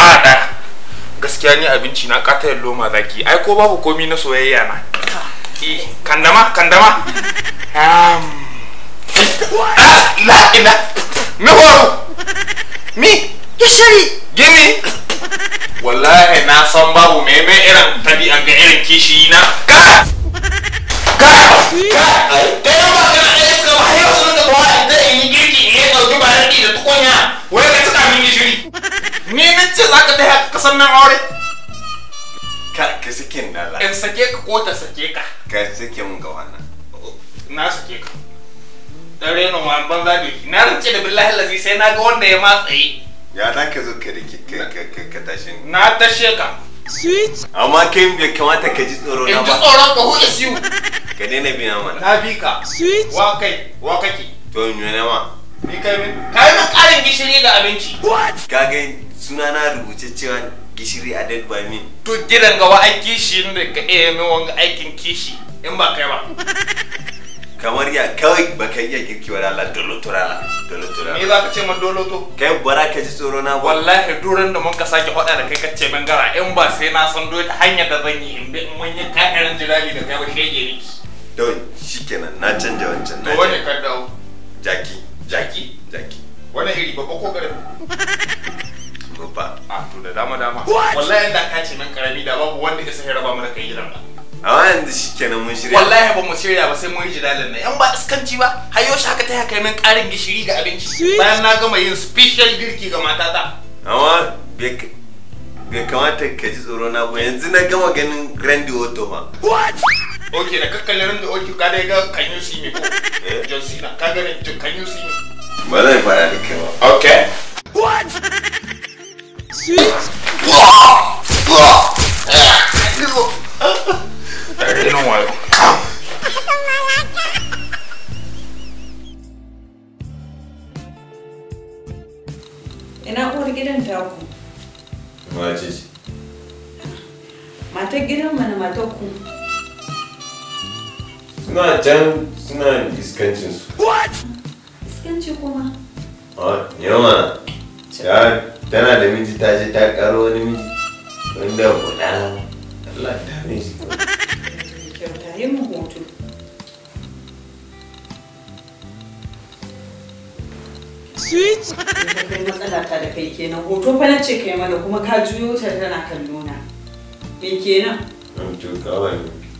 a ɗaya gaskiya ni abinci na ƙatayar loma zaki ai ko babu komi na soyayya na eh, kandama kandama la ila me horo mi ya shari gimi wallahi na san babu mai mai irin tabi'a ga irin kishi na ka ka ka da yau ba kana ɗaya suka ba har yau sun da ba da yi girki in ya ɗauki ba da tukunya wai ka saka min gishiri ni na ce za ka taya ka nan aure ka ka sakin na la sake ka ko ta sake ka ka sake mun ga na sake ka dare no ban zabe na rance da billahi na ga wanda ya matsaye ya za ka zo ka rike ka na tashe ka amma kai bai kamata ka ji tsoro na ba ka who is you na bi ka sweet to in yi karin gishiri da abinci what ka gani suna na rubuce cewa gishiri a dead by me to gidan gawa ai kishi da ka iya min wanga aikin kishi in ba kai ba kamar ya kawai ba ka iya girki wani ala dolo turala dolo turala me za ka ce ma dolo to kai bara ka ji tsoro na wallahi duran da mun ka sake hada da kai ka ce min gara in ba sai na san doyi hanyar da zan yi in bi in mun yi kakarin jirali da kai ba shege ne don shikenan na canja wancan na to wani ka dawo jaki jaki jaki wani iri babba ko karami fito ba a to da dama dama wallahi da ka ce min karami da babu wanda ya sai raba mu da kai gidan a yanzu shikenan mun shirya wallahi ba mu shirya ba sai mun yi jidalin nan yan ba iskanci ba hayo shi haka ta ya kai min karin gishiri ga abinci bayan na gama yin special girki ga matata amma bai kamata ka ji tsoro na ba yanzu na gama ganin grandi auto ma what okay da kakkalin da okay ka dai ga can you see me ko eh? john cena ka ga can you see me ba zai fara da kai ba okay Ina uwar gidan taku? Wace ce? Matar gidan mana matar ku. Suna can suna iskancin su. What? Iskanci kuma? Ah, yawa. Ya tana da miji ta je ta karo wani miji wanda guda Allah ta mai shi kyauta yin hoto sweet kai matsala ta da kai kenan hoto fa ce kai mana kuma ka juyo ta tana kallo na me kenan an to kawai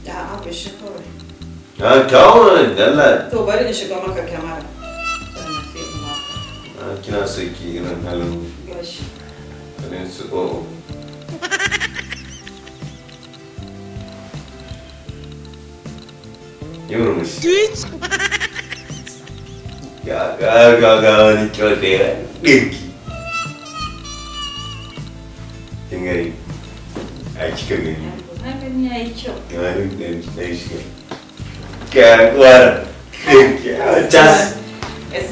da a ba shi kawai a ah, kawo dalla to bari in shiga maka kamera kina so ki irin halin halin su yi murmushi ga ga ga wani kyau da ya ɗinki kin gani a kika gani hannun ya yi kyau hannun da ya shiga ga uwar ɗinki a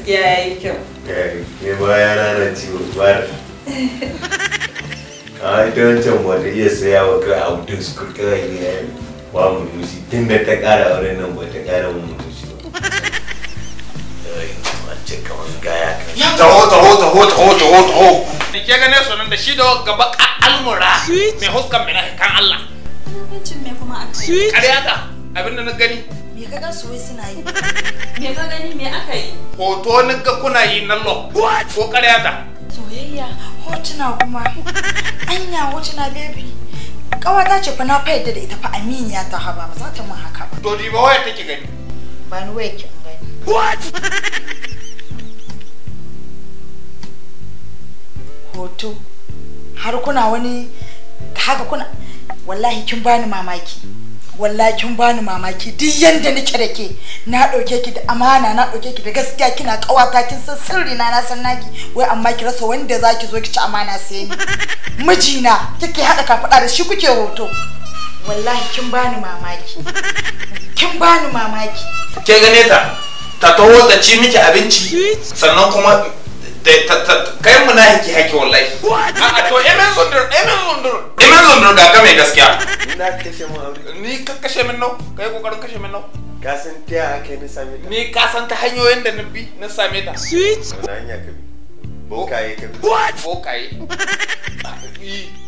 ya yi kyau ne baya rana ciwo bar a ita wancan wata iya saya wa kai a wudin su kurkira ne ba mu nusi tun da ta kara auren nan ba ta kara mu nusi ba wance kaman gaya kan taho taho taho taho taho taho da ke gane da shi da gaba almura mai huskan kan Allah. Mutuncin me a abinda na gani Me ka gan su wai suna yi? Me ka gani me aka yi? Hoto ni ga kuna yi na lo. Ko kare ta? Soyayya, hotuna kuma. Anya hotuna baby. ta ce fa na fayyada da ita fa aminiya ta haba ba za ta mun haka ba. To di ba waya take gani? Ba ni waya ki gani. What? Hoto. Har kuna wani haka kuna wallahi kin bani mamaki. wallahi kin bani mamaki duk yanda nake da ke na ɗauke ki da amana na ɗauke ki da gaskiya kina ƙawata kin san sirri na na san naki wai amma ki rasa wanda zaki zo ki ci amana sai ni mijina kike haɗa kafaɗa da shi kuke hoto wallahi kin bani mamaki kin bani mamaki ke gane ta ta taho ta ci miki abinci sannan kuma kai mu haki haki wallahi a to emen zundur emen zundur emen zundur ga mai gaskiya ni ka kashe min nau ka yi kokarin kashe min nau ka san ta yaya ni same ta ni ka san ta hanyoyin da na bi na same ta sweet na hanya ka bi bokaye ka bi what bokaye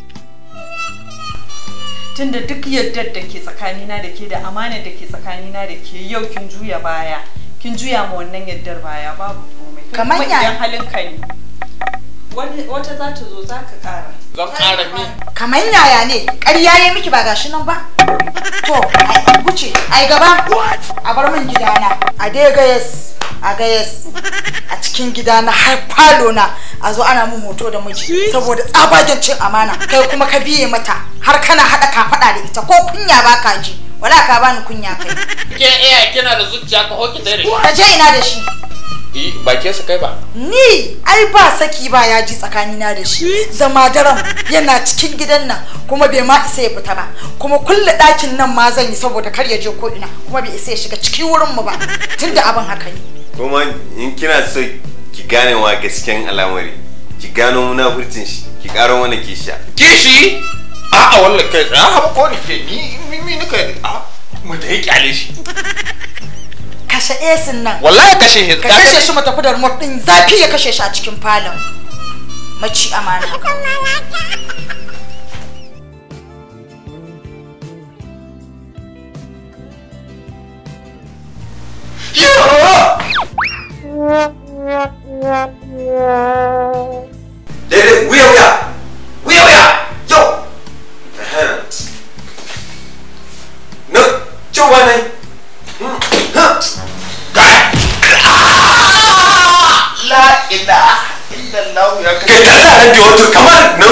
tunda duk yardar da ke tsakanina da ke da amana da ke tsakanina da ke yau kin juya baya kin juya ma wannan yardar baya babu komai kamar ya halin ka ne wata za ta zo za ka kara zan ƙara mi kamar yaya ne ƙarya ya miki ba gashi nan ba to ai wuce ai gaba a bar min gidana a dai ga a ga a cikin gidana har falo na a zo ana mun hoto da miji saboda tsabagen cin amana kai kuma ka biye mata har kana hada ka fada da ita ko kunya ba ka ji wala ka bani kunya kai ke iya eh, kina da zuciya ka hoki da ka je ina da shi baki eh, bakinsa kai ba ni ai ba saki ba ya ji tsakanina da shi zama daren yana cikin gidan nan kuma bai ma isa ya fita ba kuma kulle ɗakin nan ma zan yi saboda kar ya je ko ina kuma bai isa ya shiga cikin wurin mu ba tunda abin haka ne kuma in kina so ki gane wa gasken al'amari ki gano hurcin shi ki karo mana kisha kishi a'a wallahi kai a ba ko ni ke ni ni ni kai a mu da yake kyale shi kashe esin nan wallahi kashe shi ka kashe shi mu tafi da remote din zaki ya kashe shi a cikin falon mace amana Yeah. Daidai wuya wuya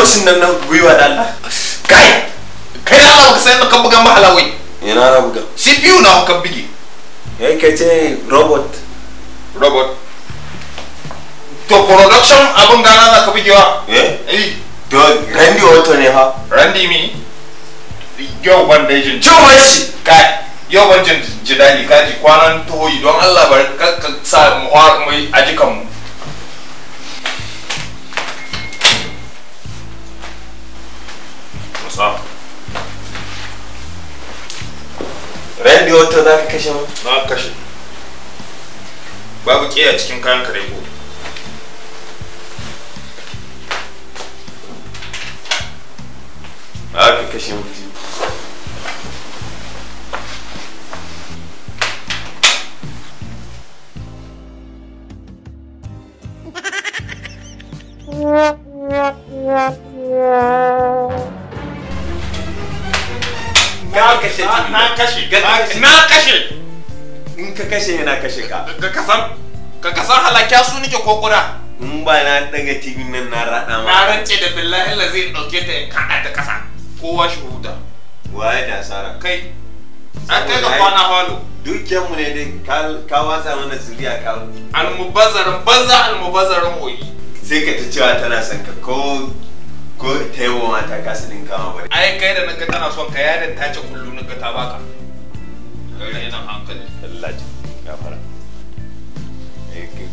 lokacin nan na gwiwa da Allah kai kai da Allah ka san da kan bugan ba ina na buga biyu na ka bige eh kai ce robot robot to production abun gana za ka wa. eh eh to Randy auto ne ha Randy mi yau ban da jin cewa shi kai yau ban jin jidali kaji kwanan toyi don Allah bari ka sa mu ajikan mu kashe mu na kashe babu ke a cikin kayan kare ko aka kashe mu Yeah. ka kashe na kashe na kashe in ka kashe na kashe ka ka kasan ka kasan halakya su nake kokura in ba na daga tibin nan na rada ma na rance da billahi la zai dauke ta in kada ta kasa kowa shuhuda waye da asara kai an kai ga kwana halo dukiyar mu ne dai ka watsa mana zuriya ka almubazzarin banza almubazzarin oyi sai ka ta cewa tana son ka ko ko ta yi mata ka su ninka ma bari ai kai da naga tana son ka yarin ta ce kullu naga ta baka yana hankali Allah ji gafara eh,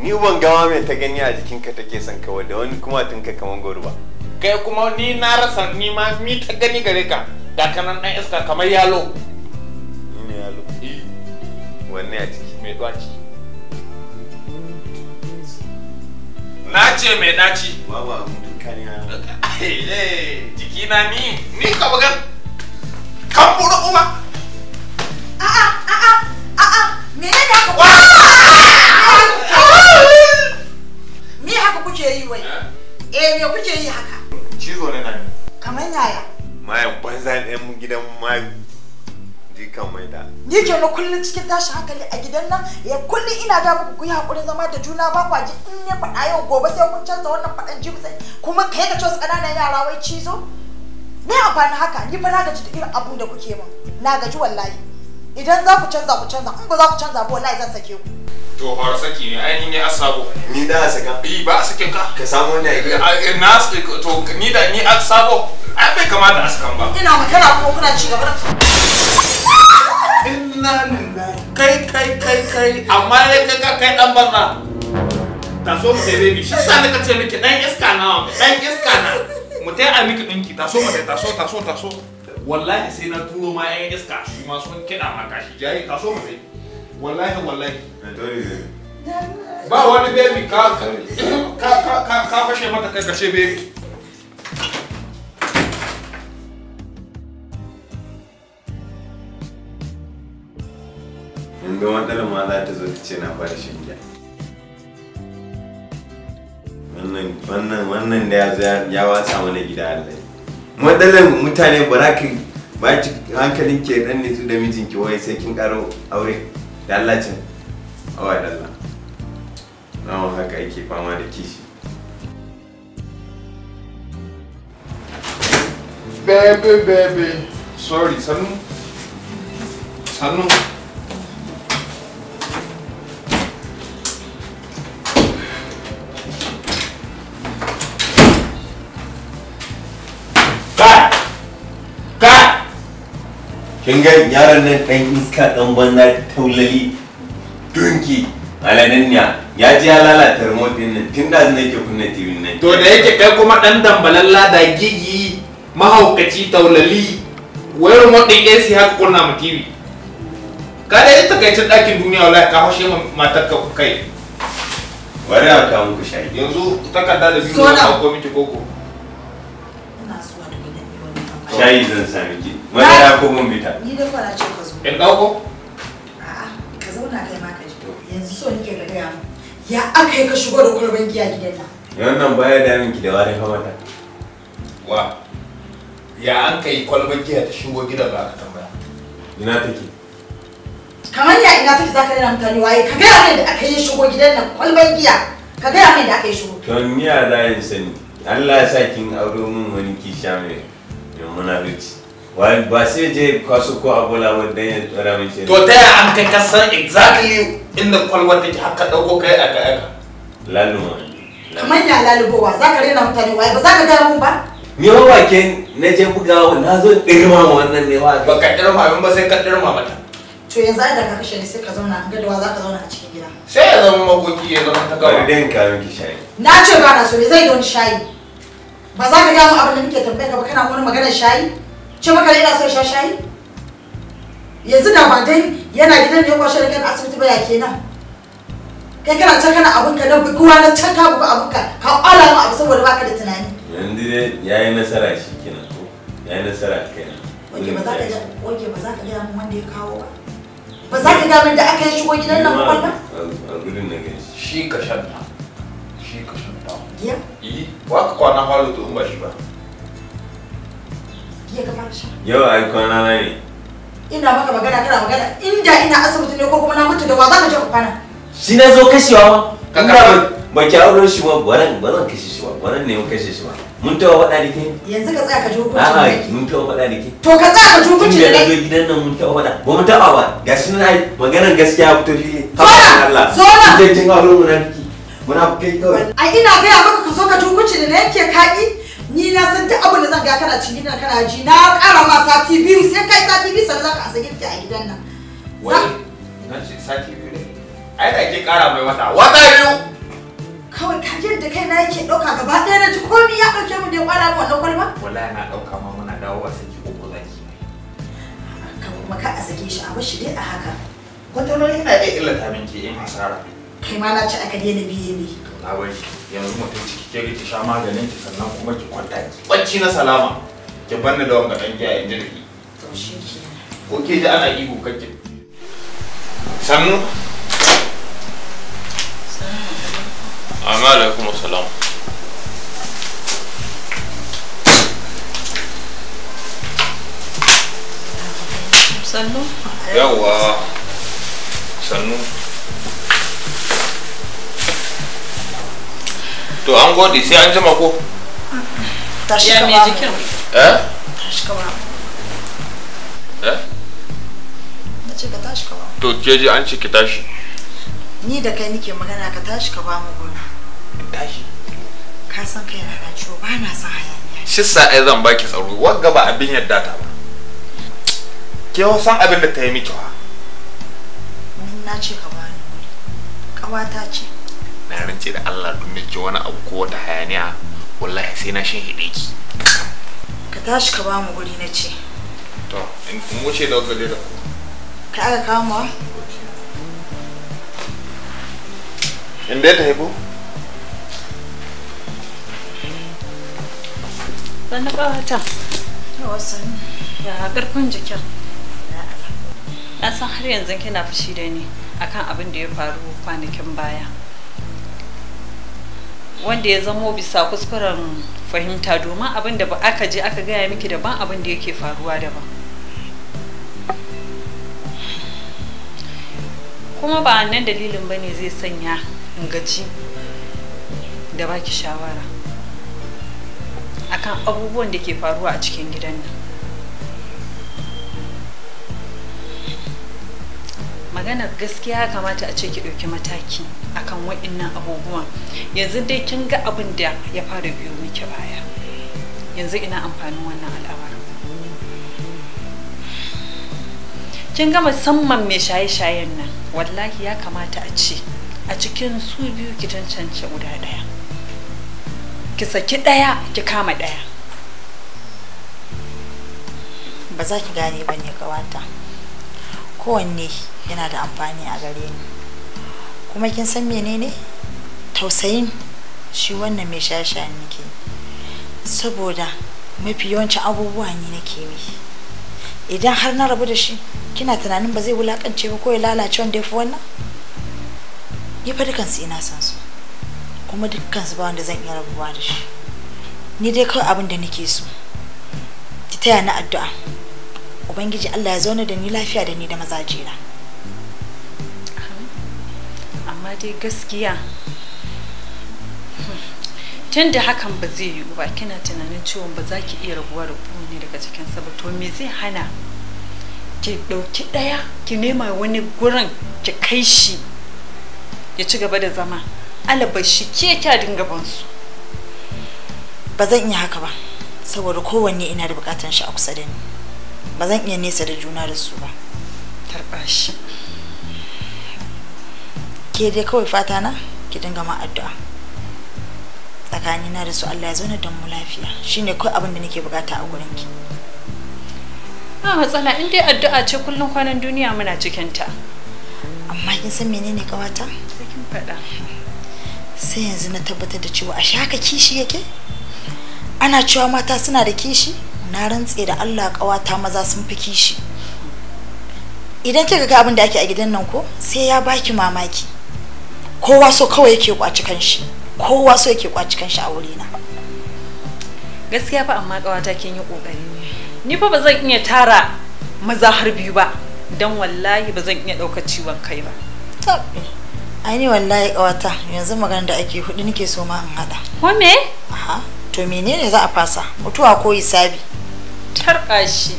ni ban gawa mai ta gani a jikinka take son ka da wani kuma tunka kaman goro ba kai kuma ni na rasa ni ma mi ta gani gare ka da kanan dan iska kamar yalo ni ne yalo eh. wanne a ciki mai dwaci na ce mai daci ba ba kariya jiki na ni ni ka bugan kan buɗe Ah ah ah ah me ah, ah. ni da ka me haka kuke yi wai eh me kuke yi haka cizo ne na kamar yaya mayan banza ɗayan gidan maya. kan maida ni ke na kullun cikin tashi hankali a gidan nan ya eh, kullun ina ga muku ku ya hakurin zama da juna ba kwaji in ne faɗa yau gobe sai kun canza wannan faɗan jibi sai kuma kai da cewa ƙananan yara wai cizo a amfani haka ni fa na gaji da irin abun da kuke min na gaji wallahi idan za ku canza ku canza in ba za ku canza ba wallahi zan sake ku to har saki ne ai ni ne sabo. ni da saka Bi ba sakin ka ka samu wanda ya eh, na to ni da ni sabo. ai bai kamata a sakan ba ina magana kuma kuna ci gaba da inna lillahi kai kai kai kai amma dai kai ka kai dan banza taso mu dai baby shi sa nika ce miki dan iska na dan iska na mu tai a miki dinki taso mu dai taso taso taso wallahi sai na turo ma yan iska shi ma sun kida ma kashi jayi taso mu dai wallahi wallahi ba wani baby ka ka ka ka fashe mata kai kashe baby ga wadar ma za ta zo ta ce na fara shan giya wannan wannan da ya ya wasa mana gida Allah matsalar mutane ba za ka ba ki hankalin ke dan ne da mijinki wai sai kin karo aure da Allah can awa da Allah nawa haka yake fama da kishi baby baby sorry sanu sanu kin ga yaron nan dan iska dan banna taulali dunki alananniya ya ji ya lalata remote din nan tunda zan yake kunna TV nan to da yake kai kuma dan dambalalla da gigi mahaukaci taulali wai remote din AC haka kunna mu TV ka da ita kai cin dakin duniya wallahi ka hoshe mu matar ka kai wari a kawo muku shayi yanzu takarda da biyu ko miki koko ina suwa da gidan shayi zan sami ki ya ko mun bita ni da kwana ce ka zo in dauko a'a ka zauna kai ma ka ji yanzu so nake ga gaya mu ya aka yi ka shigo da kwalban giya gidan nan wannan baya da ki da wani kamata. wa ya an kai kwalban giya ta shigo gidan ba ka tambaya ina take kamar ya ina take zaka nuna mutane waye ka gaya mai da aka yi shigo gidan nan kwalban giya ka gaya mai da aka yi shigo to ni ya za yin sani Allah ya sa kin auro mun wani kisha mai mai munafici wai ba sai je kasu ko abola wanda ya tsara min ce to ta yaya an kai kasan exactly inda kwalwar take haka dauko kai a kai ka laluwa kamar ya lalubowa za ka rena mutane wai ba za ka gaya mun ba ni ba bakin na je bugawa na zo dirma ma wannan ne wa ba ka dirma min ba sai ka dirma mata to yanzu ai da ka kashe ni sai ka zauna ga da za ka zauna a cikin gida sai ya zama makoki ya zama ta gaba bari dai ka miki shayi na ce ba na so ne zai don shayi ba za ka gaya mun abin da nake tambayar ka ba kana wani maganar shayi ce maka yana son shashayi yanzu da ba dai yana gidan ne kwashe da kan asibiti ba ya kenan kai kana can kana abin ka nan kuwa na can ka buga abin ka ka kwala mu abu saboda baka da tunani yanzu dai yi nasara shi kenan ko ya yi nasara kenan oke ba za ka ga oke ba za ka ga wanda ya kawo ba ba za ka ga mun da aka yi shigo gidan nan ba a gurin na gani shi ka shanta shi ka shanta ya yi wa ka kwana falo to ba shi ba ya kamata yau ai kwana na ne ina maka magana kana magana inda ina asibiti ne ko kuma na mutu da wa zaka je kwana shi na zo kashewa ma inda ba ki aure shi ba baran baran kashe shi ba baran ne mun kashe shi ba mun tawa faɗa da ke yanzu ka tsaya ka ji hukunci a'a mun tawa faɗa da ke to ka tsaya ka ji hukunci da ne gidan nan mun tawa faɗa ba mun tawa ba gashi na maganar gaskiya fito fili haka Allah zona idan kin aure munafiki munafiki kawai ai ina ga maka ka so ka ji hukunci ne yake kaki ni na san duk abin da zan ga kana cin gidan kana ji na ƙara ma sati biyu sai kai sati biyu sannan zaka asa gidan a gidan nan wai na ce sati biyu ne ai da ke ƙara mai wata wata biyu kawai ka ji da kai na yake ɗauka gaba ɗaya na ji komai ya ɗauke mu da ƙwara mu wannan kwalba wallahi na ɗauka ma muna dawowa saki uku zaki ka kuma ka a sake shi a bar shi dai a haka kwatanoni yana iya illata min ke yin hasara kai ma na ci aka daina biye ne na bari yanzu mutum ciki ke ki sha maganin ki sannan kuma ki kwanta bacci na salama ki banni da wanga dan giya in ji dake to shi ke ko ke ji ana ihu kake sannu amma alaikum assalam sannu yawwa sannu to an gode sai an jima ko tashi ka ba jikin eh tashi ka ba eh na ce ka tashi ka ba to ke ji an ce ki tashi ni da kai nike magana ka tashi ka ba mu gona tashi ka san kai na da ciwo ba na san hayaniya shi sa ai zan baki tsaro wanga ba abin yadda ta ba ke san abin da ta yi miki wa na ce ka bani kawata ce na rance da Allah don da ji wani abu ko wata hayaniya wallahi sai na shin hide ki ka tashi ka ba mu guri na ce to in kun wuce da gare da ku ka aka kama in dai ta haibo Sannu ƙawata. Yawa sannu. Ya ƙarfin jikin. Na san har yanzu kina fushi da ni akan abin da ya faru kwanakin baya. wanda ya zamo bisa kuskuren fahimta domin abin da ba aka je aka gaya miki daban abin da yake faruwa daban kuma ba nan dalilin ba ne zai sanya in gaci da baki shawara akan abubuwan da ke faruwa a cikin gidan nan maganar gaskiya kamata a ce ki ɗauki mataki akan waɗannan abubuwan yanzu dai kin ga abin da ya fara biyo miki baya yanzu ina amfanin wannan al'amarin kin ga musamman mai shaye-shayen nan wallahi ya kamata a ce a cikin su biyu ki cancanci guda ɗaya ki saki ɗaya ki kama ɗaya ba za ki gane ba ne kawata kowanne yana da amfani a gare ni kuma kin san menene tausayin shi wannan mai shashayen nake saboda mafi yawancin abubuwa ne nake mi idan har na rabu da shi kina tunanin ba zai wulakance ba ko ya lalace wanda ya fi wannan ni fa dukansu ina san su kuma dukansu ba wanda zan iya rabuwa da shi ni dai kawai abin da nake so ki taya na addu'a ubangiji allah ya zauna da ni lafiya da ni da mazajina amma dai gaskiya tun hakan ba zai yiwu ba kina tunanin ciwon ba za ki iya rabuwa da ne daga cikinsa ba to me zai hana ki ɗauki ɗaya ki nema wani gurin ki kai shi ya ci gaba da zama alaba shi ke kya dinga bansu ba zan iya haka ba saboda kowanne ina da bukatan shi a kusa da ni ba zan iya nesa da juna da su ba tarba shi ke dai kawai fata na ki dinga ma addu'a tsakanina da su Allah ya zauna don mu lafiya shine kawai abin da nake bukata a gurin ki ba matsala in dai addu'a ce kullum kwanan duniya muna cikin ta amma kin san menene kawata kin fada sai yanzu na tabbatar da cewa a shaka kishi yake ana cewa mata suna da kishi na rantse da Allah ƙawata maza sun fi kishi idan kika ga abin da ake a gidan nan ko sai ya baki mamaki kowa so kawai yake kwaci shi, kowa so yake kwaci shi a wurina gaskiya fa amma ƙawata kin yi ƙoƙari ni fa ba zan iya tara maza har biyu ba don wallahi ba zan iya ɗaukar ciwon kai ba ni wallahi ƙawata yanzu magana da ake hudu nake so ma in haɗa. Ko me? Aha. to menene za a fasa mutuwa ko hisabi tarka shi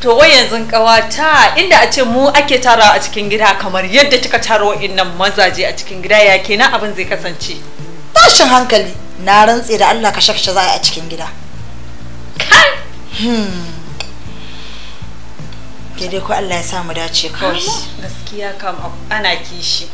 to wai yanzu kawata inda a ce mu ake tarawa a cikin gida kamar yadda kika taro innan mazaje a cikin gida ya kenan abin zai kasance tashin hankali na rantse da Allah ka shakashe za a cikin gida kai ke hmm. ko Allah ya sa mu dace kawai gaskiya kam ana kishi